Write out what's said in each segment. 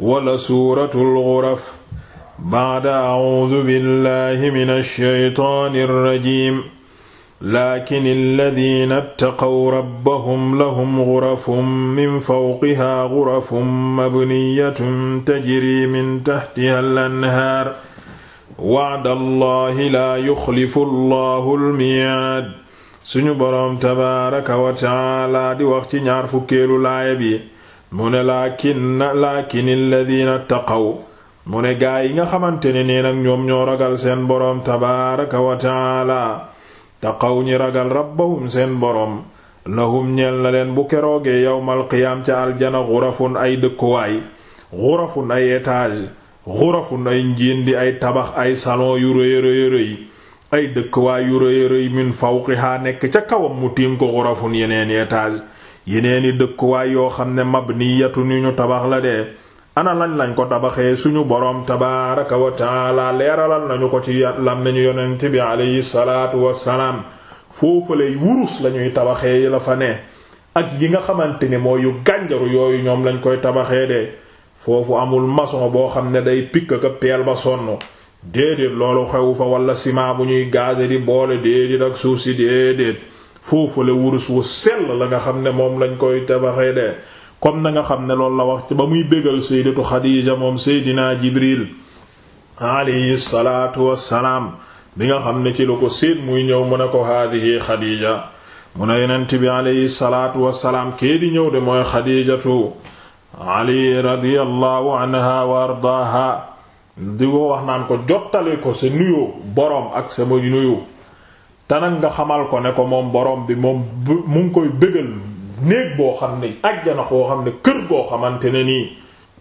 wala suuratul ghuraf ba'da a'uudu billahi mina shaytaani rajiim laakin alladiina ttaqaw rabbahum lahum ghurafun min fawqihaa ghurafun mabniyyatun tajrii min tahtihaa al-anhaar wa'da allahi laa yuxlifu allahu al-mii'aad suñu boroom tabaaraka wa ta'aala di wax ci ñaar fukkeelu laaya bi mu ne laakinna laakini alladina taqaw mu ne gaa yi nga xamante ne nii nag ñoom ñoo ragal seen boroom tabaaraka wa taala taqaw ñi ragal rabbahum seen boroom lahum ñeel na leen bu keroogee yawmal qiyaam ca aljana xurafun ay dëkkuwaay xurafun ay étage xurafun ay di ay tabax ay salon yu rëy rëy rëy ay dëkkuwaay yu rëy rëy min fawqihaa nekk ca kawam mu tiim ko xurafun yeneen étage yeneeni dëkkuwaay yoo xam ne mab ni ñu tabax la dee ana lañ lañ ko tabaxee suñu boroom tabaaraka wa taala leeralal nañu ko ci lam nañu yonent bi alayhi salaatu wassalaam foofale wurus lañuy tabaxee la fa ne ak yi nga xamante ne mooy yu gànjaru yooyu ñoom lañ koy tabaxee de foofu amul mason boo xam ne day pikk ka peel ba sonn déedéet loolu xewu fa walla ciment bu ñuy gaze di boole déedéet ak suuf si déedéet foofale wurus wu sell la nga xam ne moom lañ koy tabaxee de comme na nga xam ne lool la wax ba muy bégal sayyidatu Xadiija moom seydinaa Jibril alayhi salaatu wassalaam bi nga xam ne ci ko séen muy ñëw mu ne ko haadihi Xadiija mu ne tibi bi alayhi salaatu wassalaam kee di ñëw de mooy Xadiijatu ali radiyallahu anha wa ardaaha di ko wax naan ko jottale ko sa nuyoo boroom ak sama nuyu te nag nga xamal ko ne ko moom boroom bi moom mu ngi koy bégal néeg boo xam ne ajjana xoo xam ne kër goo xamante ne nii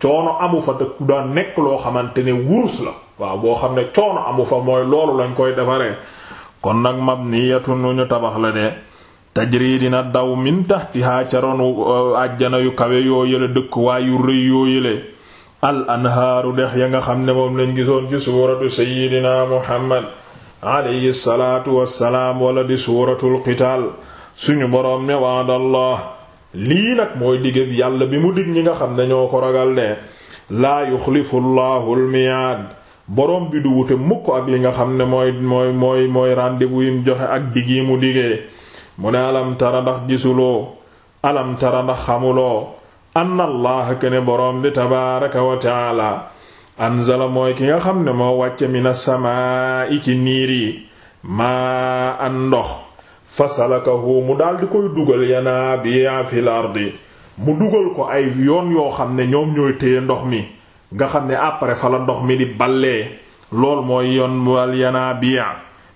coono amu fa te ku daan nekk loo xamante ne wurus la waaw boo xam ne coono amu fa mooy loolu lañ koy defaree kon nag mabniyatun ñu tabax la de tajri dina daw min tahtiha ca ronu ajjana uh, yu kawe yoo yële dëkk waay yu rëy yoo yële al anhaaru dex ya nga xam ne moom lañ gisoon ci suuratu sayyidina muhammad alayhi salaatu wassalaam wala di suuratul qitaal suñu borom ne lii nag mooy digéb yàlla bi mu dig ñi nga xam ne ñoo ko ragal de laa yuxlifu llahu almiyaad boroom bi du wute mukk ak li nga xam ne mooy mooy mooy mooy rendez joxe ak dig mu digee mu ne alam tara ndax gisuloo alam tara ndax xamuloo anna allaha kene boroom bi tabaaraka wa taala anzala mooy ki nga xam ne moo wàcce mi na sama ci niir yi ma an ndox fasalakahu mu daal di koy dugal yanaabi'a fil ardi mu dugal ko ay yoon yoo xam ne ñoom ñooy téye ndox mi nga xam ne après fa la ndox mi di ballee lool mooy yoon wal yanaabi'a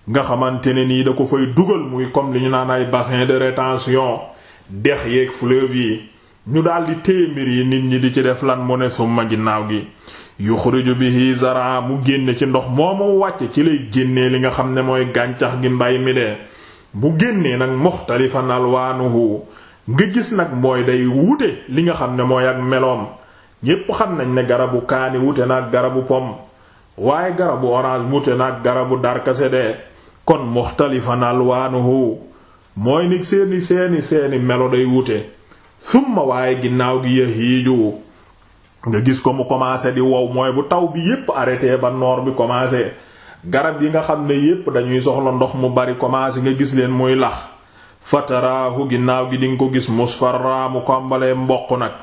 nga xamante ne nii da ko fay dugal muy comme li ñu naan ay bassin de rétention dex yeeg fleuve yi ñu daal di téye mbir yi nit ñi di ci def lan mu ne ginnaaw gi yuxriju bihi zara mu génne ci ndox moomu wàcce ci lay génnee li nga xam ne mooy gàncax gi mbay mi de bu génnee nag muxtalifan alwaanuhu nga gis nag mooy day wute li nga xam ne mooy ak meloom ñépp xam nañ ne garabu kaani wute na ak garabu pom waaye garabu orange wute na ak garabu darkase de kon muxtalifan alwaanuhu mooy ni seeni seeni seeni melo day wute summa waaye ginnaaw gi yahiiju nga gis ko mu commencé di wow mooy bu taw bi yépp arrêté ba noor bi commencé garab yi nga xam ne yépp dañuy soxla ndox mu bari commencé nga gis leen muy lax fataraahu ginnaaw gi dinga ko gis musfarra mu kombalee mboq nag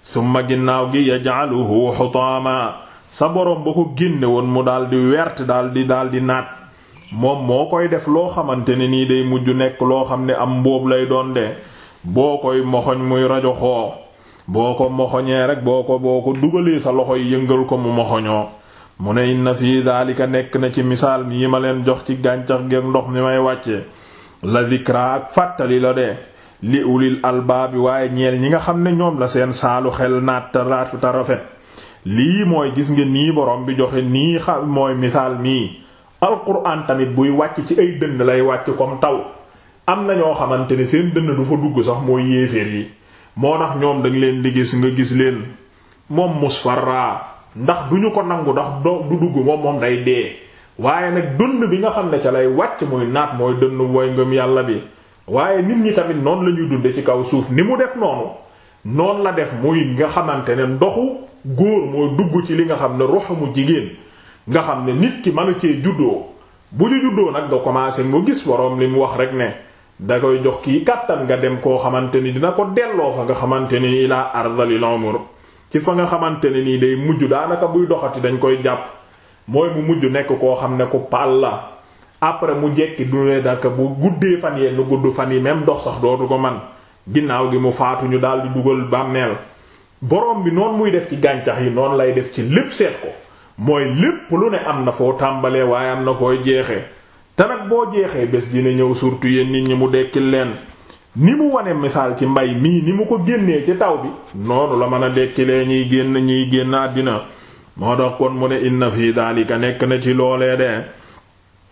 summa ginnaaw gi yaj'aluhu xutaama sa borom ba ko génne woon mu daldi wert daldi daldi naat moom moo koy def loo xamante ne nii day mujj nekk loo xam ne am mbóob lay doon de boo koy moxoñ muy rajo xoo boo ko moxoñee rek boo ko boo ko dugalee sa loxo yi yëngal ko mu moxoñoo mu ne inna fii daalika nekk na ci misaal mi yi ma leen jox ci gàncax gi ndox mi may wàccee la dikra ak fàttali la de li ulil albaabi waaye ñeel ñi nga xam ne ñoom la seen saalu xel naat ta rafet lii mooy gis nga nii borom bi joxe nii xam mooy misaal mii alquran tamit buy wàcc ci ay dënn lay wàcc comme taw am na ñoo xamante ni seen dënn du fa dugg sax mooy yéeféer yi moo tax ñoom dañ leen liggéey gis nga gis leen moom musfarra ndax du ñu ko nangu ndax doo du dugg moom moom day dee waaye nag dënn bi nga xam ne ca lay wàcc muy naat mooy dënn woy ngëm yàlla bi waaye nit ñi tamit noonu la ñuy dunde ci kaw suuf ni mu def noonu noonu la def muy nga xamante ne ndoxu góor mooy dugg ci li nga xam ne roxamu jigéen nga xam ne nit ki mënu cee juddoo bu ñu juddoo nag nga commencé mu gis waroom li mu wax rek ne da koy jox kii kàttan nga dem koo xamante ni dina ko delloo fa nga xamante ni laa ardalil umur ci fa nga xamante ne nii day mujj daanaka buy doxati dañ koy jàpp mooy mu mujj nekk koo xam ne ku pal la après mu jekki dune daka bu guddee fan yee nu gudd fan yi même dox sax dootu ko man ginnaaw gi mu faatu ñu daal di dugal bànneel borom bi noonu muy def ci gàncax yi noonu lay def ci lépp seet ko mooy lépp lu ne am na foo tàmbalee waaye am na fooy jeexee te nag boo jeexee bés dina ñëw surtout yéen nit ñi mu dekkil leen ni mu wane misaal ci mbay mii ni mu ko génnee ci taw bi noonu la mën a dekkilee ñuy génn ñuy génn àddina moo tax kon mu ne inna fii daalika nekk na ci loolee de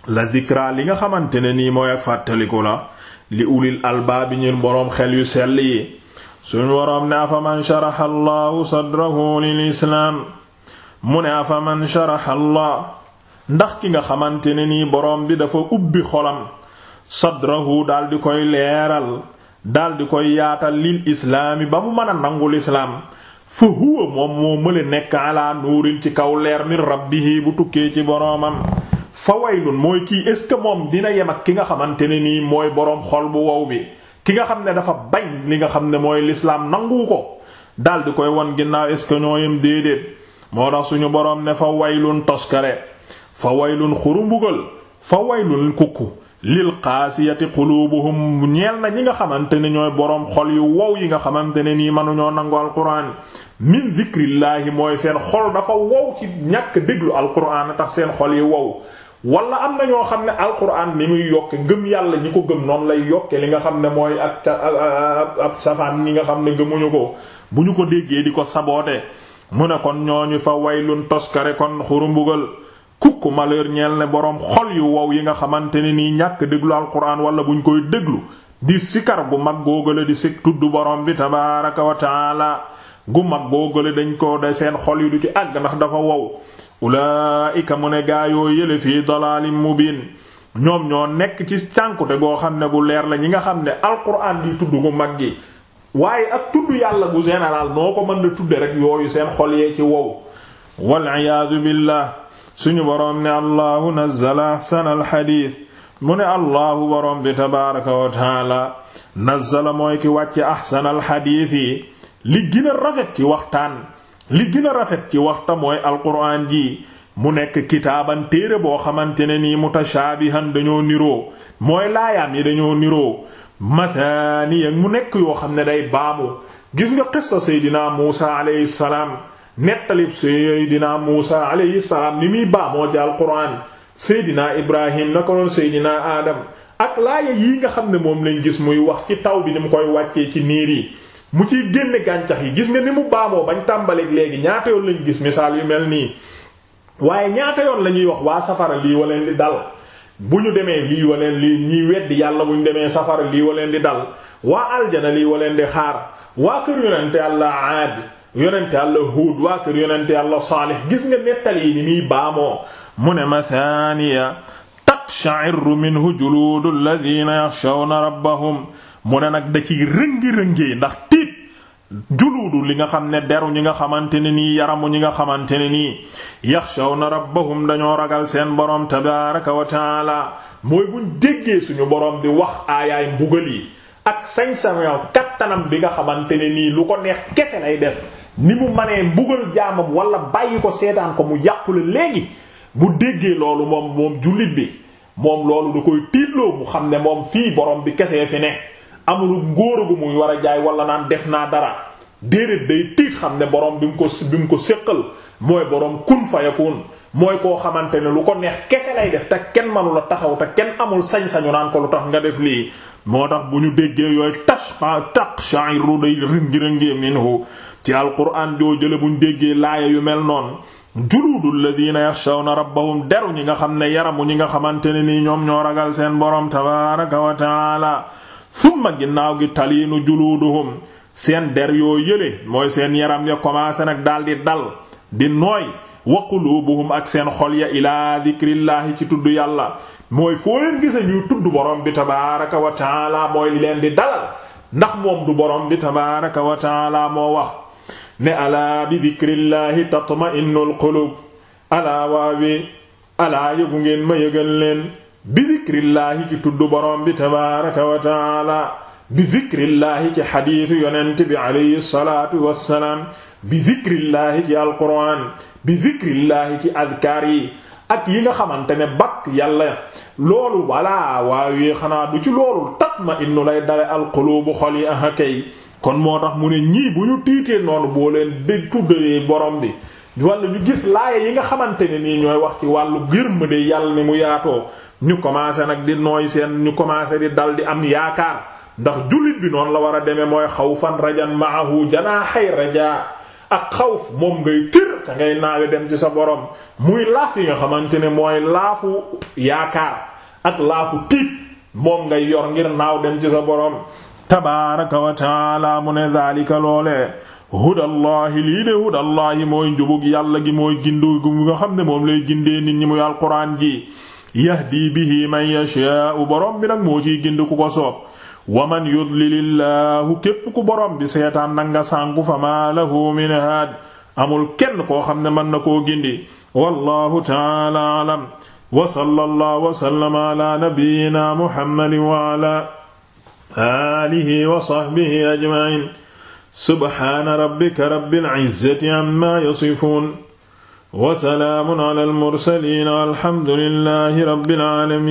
la zikra li nga xamante ne nii mooy ak fàttaliku la li ulil albaabi ñun boroom xel yu sell yi suñu boroom ne afaman sharaha allahu sadrahu lil islaam mu ne afaman sharaha allah ndax ki nga xamante ne nii borom bi dafa ubbi xolam sadrahu daldi koy leeral daldi koy yaatal lil islaami ba mu mën a nangul islaam fa huwa moom moo mële nekk ala nuuril ci kaw leer ni min rabbihi bu tukkee ci boroomam fa waylun mooy kii est ce que moom dina yem ak ki nga xamante ne nii mooy boroom xol bu wow bi ki nga xam ne dafa bañ li nga xam ne mooy lislaam nangu ko daldi koy won ginnaaw est ce ñoo yem déedéet moo tax suñu boroom ne fa waylun toskare fa waylun xurumbugal fa waylun kukku lil qaasiyati qulubuhum ñeel na ñi nga xamante ne ñooy boroom xol yu wow yi nga xamante ne nii mënuñoo nangu alquran min dikrillaahi mooy seen xol dafa wow ci ñàkk déglu a tax seen xol yi wow wala am na ñoo xam ne alquran ni muy yokke ngëm yàlla ñi ko gëm noonu lay yokke li nga xam ne mooy ak ab safaan ñi nga xam ne gëmuñu ko bu ñu ko déggee di ko saboote mu ne kon ñooñu fa waylun toskare kon xurumbugal kukku malheur ñeel ne boroom xol yu wow yi nga xamante ne nii ñàkk déglu alquran wala buñ koy déglu di sikar gu mag googale di si tudd borom bi tabaaraka wa taala gu mag googale dañ ko de seen xol yu du ci àgg ndax dafa wow ulaa'ika mu ne gaayoo yële fii mu mubiin ñoom ñoo nekk ci cànkute goo xam ne bu leer la ñi nga xam ne alquran di tudd gu mag gi waaye ak tudd yàlla gu général noo ko mën na tudde rek yooyu seen xol yee ci wow wal iyaadu billah suñu boroom ne allahu nazzala ahsana alxadiis mu ne allahu boroom bi tabaaraka wa taala nazzala mooy ki wàcce ahsana alxadiis yi li rafet ci waxtaan li gën rafet ci waxta mooy alquraan ji mu nekk kitaaban téere boo xamante ne nii mutashaabihan dañoo niroo mooy laayaam yi dañoo niroo mathaani mu nekk yoo xam ne day baamu gis nga qissa seydinaa muusa alayhi salaam nettalib seydina Muusa alayhi salaam ni muy baamoo moo jaal Qur'an seydina Ibrahim na ko noon seydina Adam ak laaya yii nga xam ne moom lañ gis muy wax ci taw bi ni mu koy wàccee ci niir yi mu ciy génne gàncax yi gis nga ni mu baamoo bañ tàmbaleeg léegi ñaata yoon lañ gis misaal yu mel nii waaye ñaata yoon la ñuy wax waa safara lii waleen di dal bu ñu demee lii waleen lii ñiy weddi yàlla bu ñu demee safara lii waleen di dal waa aljana lii waleen di xaar waa kër yonente yàlla Huud waa kër yonente yàlla Saalih gis nga nettali yi ni muy baamoo mu ne mathaniya taqsha'irru minhu juluudu alladhina yakhshawna rabbahum mu ne nag da ciy rëngi ndax tiit juluudu li nga xam ne deru ñi nga xamante ne nii yaramu ñi nga xamante ne nii yaxshawna rabbahum dañoo ragal seen borom tabaaraka wa taala mooy buñ déggee suñu borom bi wax aayaay mbugal yi ak sañ-sañoo kattanam bi nga xamante ne nii lu ko neex kese lay def ni mu manee mbugal jaamam wala bàyyi ko seetaan ko mu yàqule léegi bu déggee loolu moom moom jullit bi moom loolu du koy tiitloo mu xam ne moom fii borom bi kese fi ne amul ngóor gu muy war a jaay walla naan def naa dara déedéet day tiit xam ne borom bi mu ko bi mu ko séqal mooy borom kun fayakun mooy koo xamante ne lu ko neex kese lay def te kenn manu la taxaw te kenn amul sañ-sañu naan ko lu tax nga def lii moo tax bu ñu déggee yooyu tax ah taq sha'iru day ringi-ringi minhu ci alquran joo jële bu ñu déggee laaya yu mel noonu juluudul ladina yaxshawna rabbahum deru ñi nga xam ne yaramu ñi nga xamante ne nii ñoom ñoo ragal seen boroom tabaraka wa taala summa ginnaaw gi taliinu juluuduhum seen der yoo yële mooy seen yaram ya commencé nag daldi dal di nooy wa qulubuhum ak seen xol ilaa dikrillaahi ci tudd yàlla mooy foo leen gisa tudd borom bi tabaaraka wa taala mooy leen di dalal ndax moom du borom bi tabaaraka wa taala moo wax ne alaa bi dikrillaahi tatma'innul qulub alaa waawi alaa yëgu ngeen ma yëgal leen bi dikrillaahi ci tudd borom bi tabaaraka wa taala bi zikrillaahi ci xadiisu yonent bi alayhi salaatu wassalaam bi zikrillaahi ci alquraan bi zikrillaahi ci adkaar yi ak yi nga xamante ne bakk yàlla loolu balaa waawee xanaa du ci loolu tatma innu lay dale alqulubu xol yi aha kay kon moo tax mu ne ñii bu ñu tiitee noonu boo leen dégg tuddee borom bi walla ñu gis laaya yi nga xamante ne nii ñooy wax ci wàllu gërmande yàlla ni mu yaatoo ñu commencé nag di nooy seen ñu commencé di dal di am yaakaar ndax jullit bi noonu la war a demee mooy xawfan rajan maahu janaaxay raja ak xawf moom ngay tër te ngay naawe dem ci sa borom muy laaf yi nga xamante ne mooy laafu yaakaar ak laafu tiit moom nga yor ngir naaw dem ci sa borom tabaaraka wa mu ne daalika loole hudallahi lii de hudallahi mooy njubug yàlla gi mooy gindu gu nga xam ne moom lay gindee nit ñi muy alquraan ji yahdi bi man yashaa'u borom bi nag moo ciy gind ku ko soob wa man yudlilillahu képp ku borom bi seetaan nag nga sànku fa maa lahu min haad amul kenn koo xam ne mën na koo gindi wallahu taala alam wa sallallahu wa sallama ala nabiyyina muhammadin wa ala alihi wa sahbihi ajma'in subhana rabbika rabbil izzati amma yasifun wa salaamun ala al mursalin alhamdulillahi rabbil alamin